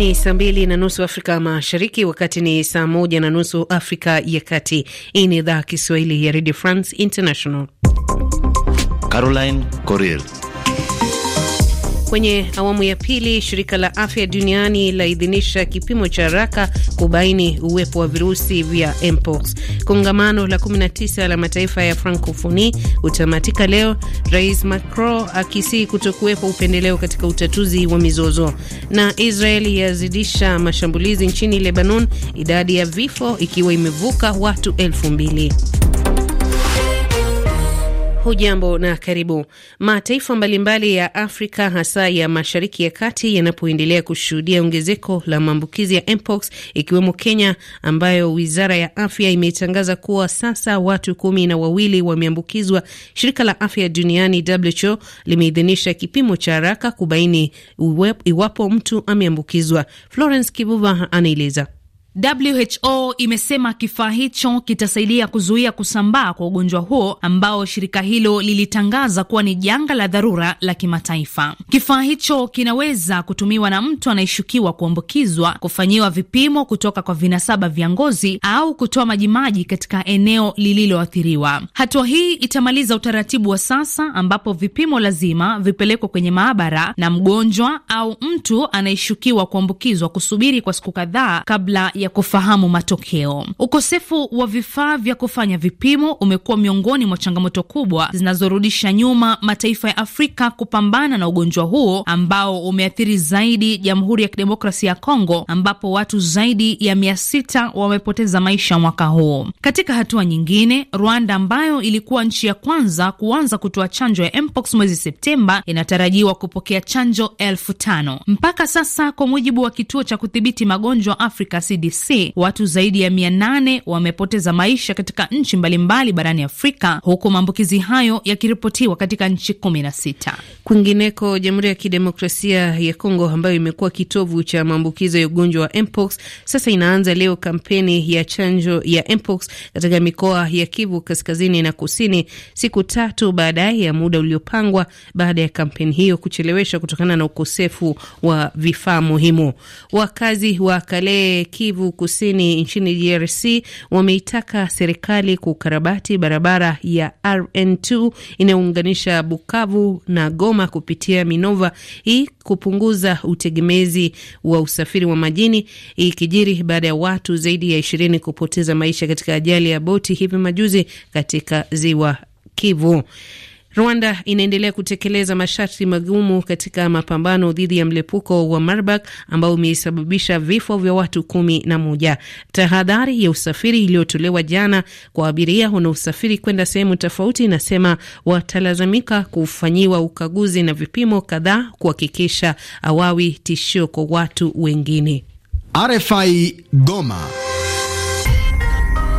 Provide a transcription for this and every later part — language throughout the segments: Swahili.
Ni saa mbili na nusu Afrika Mashariki, wakati ni saa moja na nusu Afrika ya Kati. Hii ni idhaa Kiswahili ya Radio France International. Caroline Coril Kwenye awamu ya pili, shirika la afya duniani laidhinisha kipimo cha haraka kubaini uwepo wa virusi vya mpox. Kongamano la 19 la mataifa ya Francophonie utamatika leo, Rais Macron akisii kutokuwepo upendeleo katika utatuzi wa mizozo. Na Israeli yazidisha mashambulizi nchini Lebanon, idadi ya vifo ikiwa imevuka watu elfu mbili. Hujambo na karibu. Mataifa mbalimbali ya Afrika hasa ya Mashariki ya Kati yanapoendelea kushuhudia ongezeko la maambukizi ya mpox ikiwemo Kenya ambayo Wizara ya Afya imetangaza kuwa sasa watu kumi na wawili wameambukizwa. Shirika la Afya Duniani WHO limeidhinisha kipimo cha haraka kubaini iwapo mtu ameambukizwa. Florence Kibuva anaeleza. WHO imesema kifaa hicho kitasaidia kuzuia kusambaa kwa ugonjwa huo ambao shirika hilo lilitangaza kuwa ni janga la dharura la kimataifa. Kifaa hicho kinaweza kutumiwa na mtu anayeshukiwa kuambukizwa kufanyiwa vipimo kutoka kwa vinasaba vya ngozi au kutoa majimaji katika eneo lililoathiriwa. Hatua hii itamaliza utaratibu wa sasa ambapo vipimo lazima vipelekwe kwenye maabara na mgonjwa au mtu anayeshukiwa kuambukizwa kusubiri kwa siku kadhaa kabla ya kufahamu matokeo. Ukosefu wa vifaa vya kufanya vipimo umekuwa miongoni mwa changamoto kubwa zinazorudisha nyuma mataifa ya Afrika kupambana na ugonjwa huo ambao umeathiri zaidi Jamhuri ya Kidemokrasia ya Kongo ambapo watu zaidi ya mia sita wamepoteza maisha mwaka huu. Katika hatua nyingine, Rwanda ambayo ilikuwa nchi ya kwanza kuanza kutoa chanjo ya mpox mwezi Septemba inatarajiwa kupokea chanjo elfu tano mpaka sasa, kwa mujibu wa kituo cha kudhibiti magonjwa Afrika CDC. DRC, watu zaidi ya mia nane wamepoteza maisha katika nchi mbalimbali barani Afrika, huku maambukizi hayo yakiripotiwa katika nchi kumi na sita. Kwingineko, Jamhuri ya Kidemokrasia ya Kongo ambayo imekuwa kitovu cha maambukizo ya ugonjwa wa mpox sasa inaanza leo kampeni ya chanjo ya mpox katika mikoa ya Kivu kaskazini na kusini, siku tatu baadaye ya muda uliopangwa baada ya kampeni hiyo kucheleweshwa kutokana na ukosefu wa vifaa muhimu. Wakazi wa Kale Kivu Kivu Kusini nchini DRC wameitaka serikali kukarabati barabara ya RN2 inayounganisha Bukavu na Goma kupitia Minova, hii kupunguza utegemezi wa usafiri wa majini, ikijiri baada ya watu zaidi ya ishirini kupoteza maisha katika ajali ya boti hivi majuzi katika ziwa Kivu. Rwanda inaendelea kutekeleza masharti magumu katika mapambano dhidi ya mlipuko wa Marburg ambao umesababisha vifo vya watu kumi na moja. Tahadhari ya usafiri iliyotolewa jana kwa abiria wanaosafiri kwenda sehemu tofauti inasema watalazimika kufanyiwa ukaguzi na vipimo kadhaa kuhakikisha awawi tishio kwa watu wengine. RFI Goma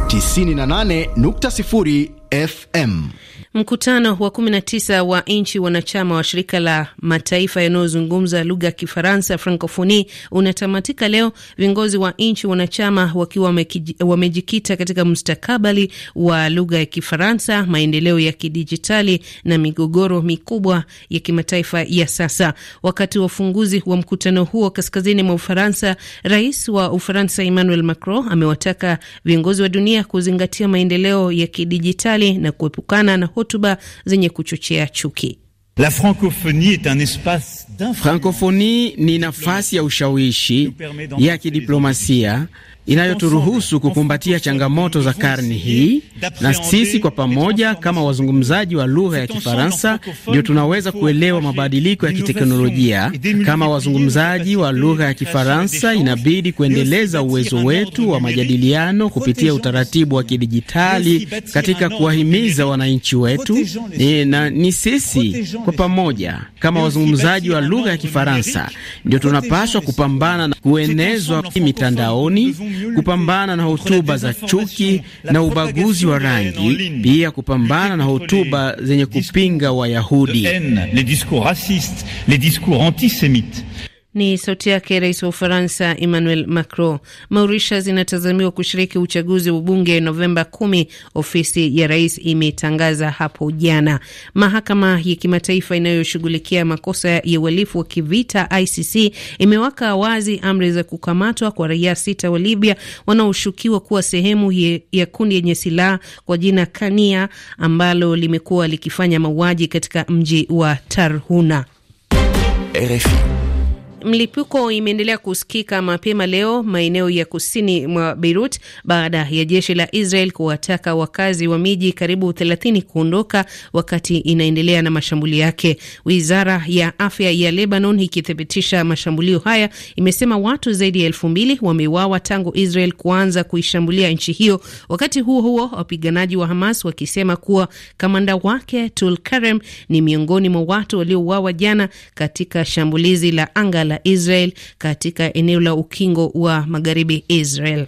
98.0 FM. Mkutano wa 19 wa nchi wanachama wa shirika la mataifa yanayozungumza lugha ya Kifaransa Francophonie unatamatika leo, viongozi wa nchi wanachama wakiwa wamejikita katika mustakabali wa lugha ya Kifaransa, maendeleo ya kidijitali na migogoro mikubwa ya kimataifa ya sasa. Wakati wa ufunguzi wa mkutano huo kaskazini mwa Ufaransa, rais wa Ufaransa Emmanuel Macron amewataka viongozi wa dunia kuzingatia maendeleo ya kidijitali mbali na kuepukana na hotuba zenye kuchochea chuki. La francophonie est un espace Frankofoni ni nafasi ya ushawishi ya kidiplomasia inayoturuhusu kukumbatia changamoto za karne hii, na sisi kwa pamoja kama wazungumzaji wa lugha ya Kifaransa ndio tunaweza kuelewa mabadiliko ya kiteknolojia. Kama wazungumzaji wa lugha ya Kifaransa, inabidi kuendeleza uwezo wetu wa majadiliano kupitia utaratibu wa kidijitali katika kuwahimiza wananchi wetu. E, na ni sisi kwa pamoja kama wazungumzaji wa lugha ya Kifaransa ndio tunapaswa kupambana na kuenezwa mitandaoni, kupambana na hotuba za chuki na ubaguzi wa rangi, pia kupambana na hotuba zenye kupinga Wayahudi. Ni sauti yake rais wa Ufaransa Emmanuel Macron. Mauritius inatazamiwa kushiriki uchaguzi wa ubunge Novemba kumi, ofisi ya rais imetangaza hapo jana. Mahakama ya kimataifa inayoshughulikia makosa ya uhalifu wa kivita ICC imeweka wazi amri za kukamatwa kwa raia sita wa Libya wanaoshukiwa kuwa sehemu ya kundi yenye silaha kwa jina Kania ambalo limekuwa likifanya mauaji katika mji wa Tarhuna. RFI. Mlipuko imeendelea kusikika mapema leo maeneo ya kusini mwa Beirut baada ya jeshi la Israel kuwataka wakazi wa miji karibu 30 kuondoka wakati inaendelea na mashambulio yake. Wizara ya afya ya Lebanon ikithibitisha mashambulio haya imesema watu zaidi ya elfu mbili wameuawa tangu Israel kuanza kuishambulia nchi hiyo. Wakati huo huo, wapiganaji wa Hamas wakisema kuwa kamanda wake Tulkarem ni miongoni mwa watu waliouawa jana katika shambulizi la anga la Israel katika eneo la ukingo wa magharibi Israel.